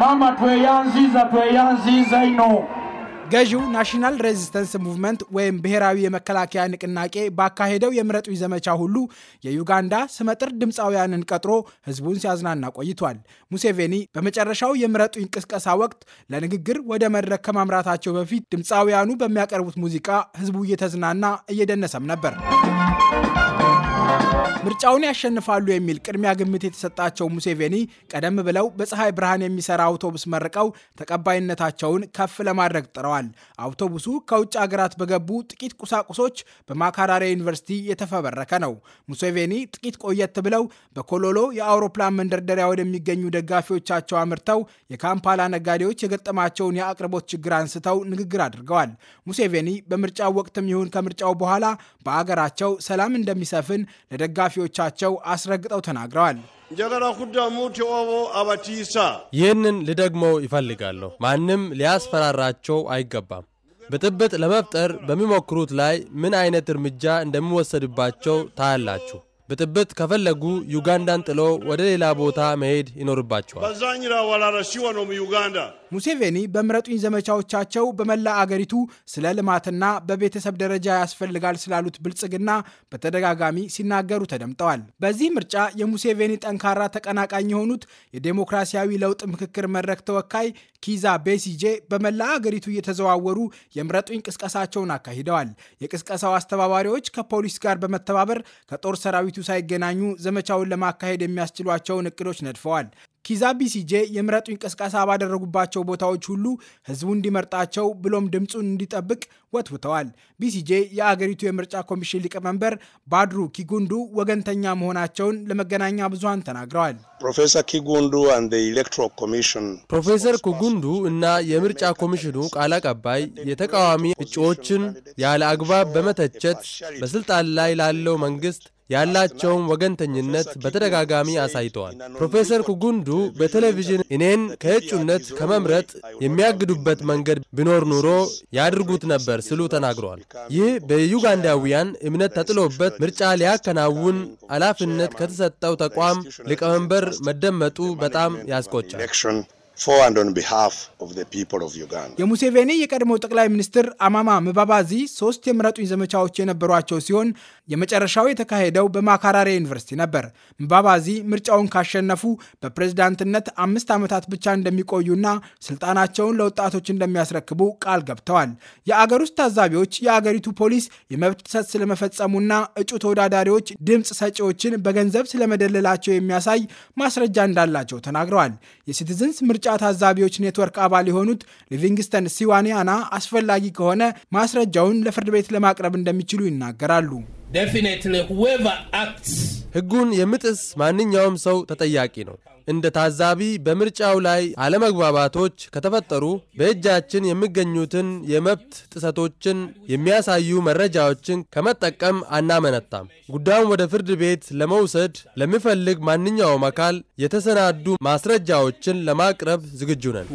maama tweyanziiza tweyanziiza ገዢው ናሽናል ሬዚስተንስ ሙቭመንት ወይም ብሔራዊ የመከላከያ ንቅናቄ ባካሄደው የምረጡ ዘመቻ ሁሉ የዩጋንዳ ስመጥር ድምፃውያንን ቀጥሮ ህዝቡን ሲያዝናና ቆይቷል። ሙሴቬኒ በመጨረሻው የምረጡ ቅስቀሳ ወቅት ለንግግር ወደ መድረክ ከማምራታቸው በፊት ድምፃውያኑ በሚያቀርቡት ሙዚቃ ህዝቡ እየተዝናና እየደነሰም ነበር። ምርጫውን ያሸንፋሉ የሚል ቅድሚያ ግምት የተሰጣቸው ሙሴቬኒ ቀደም ብለው በፀሐይ ብርሃን የሚሰራ አውቶቡስ መርቀው ተቀባይነታቸውን ከፍ ለማድረግ ጥረዋል። አውቶቡሱ ከውጭ ሀገራት በገቡ ጥቂት ቁሳቁሶች በማካራሪያ ዩኒቨርሲቲ የተፈበረከ ነው። ሙሴቬኒ ጥቂት ቆየት ብለው በኮሎሎ የአውሮፕላን መንደርደሪያ ወደሚገኙ ደጋፊዎቻቸው አምርተው የካምፓላ ነጋዴዎች የገጠማቸውን የአቅርቦት ችግር አንስተው ንግግር አድርገዋል። ሙሴቬኒ በምርጫው ወቅትም ይሁን ከምርጫው በኋላ በአገራቸው ሰላም እንደሚሰፍን ለደጋፊዎቻቸው አስረግጠው ተናግረዋል። ይህንን ልደግመው ይፈልጋለሁ። ማንም ሊያስፈራራቸው አይገባም። ብጥብጥ ለመፍጠር በሚሞክሩት ላይ ምን አይነት እርምጃ እንደሚወሰድባቸው ታያላችሁ። ብጥብጥ ከፈለጉ ዩጋንዳን ጥሎ ወደ ሌላ ቦታ መሄድ ይኖርባቸዋል። ሙሴቬኒ በምረጡኝ ዘመቻዎቻቸው በመላ አገሪቱ ስለ ልማትና በቤተሰብ ደረጃ ያስፈልጋል ስላሉት ብልጽግና በተደጋጋሚ ሲናገሩ ተደምጠዋል። በዚህ ምርጫ የሙሴቬኒ ጠንካራ ተቀናቃኝ የሆኑት የዴሞክራሲያዊ ለውጥ ምክክር መድረክ ተወካይ ኪዛ ቤሲጄ በመላ አገሪቱ እየተዘዋወሩ የምረጡኝ ቅስቀሳቸውን አካሂደዋል። የቅስቀሳው አስተባባሪዎች ከፖሊስ ጋር በመተባበር ከጦር ሰራዊቱ ሳይገናኙ ዘመቻውን ለማካሄድ የሚያስችሏቸውን እቅዶች ነድፈዋል። ኪዛ ቢሲጄ የምረጡኝ ቅስቀሳ ባደረጉባቸው ቦታዎች ሁሉ ህዝቡ እንዲመርጣቸው ብሎም ድምፁን እንዲጠብቅ ወትውተዋል። ቢሲጄ የአገሪቱ የምርጫ ኮሚሽን ሊቀመንበር ባድሩ ኪጉንዱ ወገንተኛ መሆናቸውን ለመገናኛ ብዙሃን ተናግረዋል። ፕሮፌሰር ኪጉንዱ እና የምርጫ ኮሚሽኑ ቃል አቀባይ የተቃዋሚ እጩዎችን ያለ አግባብ በመተቸት በስልጣን ላይ ላለው መንግስት ያላቸውን ወገንተኝነት በተደጋጋሚ አሳይተዋል። ፕሮፌሰር ኩጉንዱ በቴሌቪዥን እኔን ከእጩነት ከመምረጥ የሚያግዱበት መንገድ ቢኖር ኑሮ ያድርጉት ነበር ሲሉ ተናግረዋል። ይህ በዩጋንዳውያን እምነት ተጥሎበት ምርጫ ሊያከናውን ኃላፊነት ከተሰጠው ተቋም ሊቀመንበር መደመጡ በጣም ያስቆጫል። የሙሴቬኒ የቀድሞ ጠቅላይ ሚኒስትር አማማ ምባባዚ ሶስት የምረጡኝ ዘመቻዎች የነበሯቸው ሲሆን የመጨረሻው የተካሄደው በማካራሬ ዩኒቨርሲቲ ነበር። ምባባዚ ምርጫውን ካሸነፉ በፕሬዝዳንትነት አምስት ዓመታት ብቻ እንደሚቆዩና ስልጣናቸውን ለወጣቶች እንደሚያስረክቡ ቃል ገብተዋል። የአገር ውስጥ ታዛቢዎች የአገሪቱ ፖሊስ የመብት ጥሰት ስለመፈጸሙና እጩ ተወዳዳሪዎች ድምፅ ሰጪዎችን በገንዘብ ስለመደለላቸው የሚያሳይ ማስረጃ እንዳላቸው ተናግረዋል። የሲቲዝንስ ምርጫ የምርጫ ታዛቢዎች ኔትወርክ አባል የሆኑት ሊቪንግስተን ሲዋኒያና አስፈላጊ ከሆነ ማስረጃውን ለፍርድ ቤት ለማቅረብ እንደሚችሉ ይናገራሉ። ሕጉን የምጥስ ማንኛውም ሰው ተጠያቂ ነው። እንደ ታዛቢ በምርጫው ላይ አለመግባባቶች ከተፈጠሩ በእጃችን የሚገኙትን የመብት ጥሰቶችን የሚያሳዩ መረጃዎችን ከመጠቀም አናመነታም። ጉዳዩን ወደ ፍርድ ቤት ለመውሰድ ለሚፈልግ ማንኛውም አካል የተሰናዱ ማስረጃዎችን ለማቅረብ ዝግጁ ነን።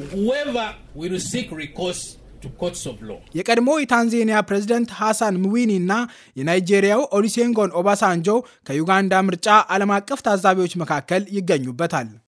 የቀድሞ የታንዜኒያ ፕሬዝደንት ሐሳን ምዊኒ እና የናይጄሪያው ኦሉሴጉን ኦባሳንጆ ከዩጋንዳ ምርጫ ዓለም አቀፍ ታዛቢዎች መካከል ይገኙበታል።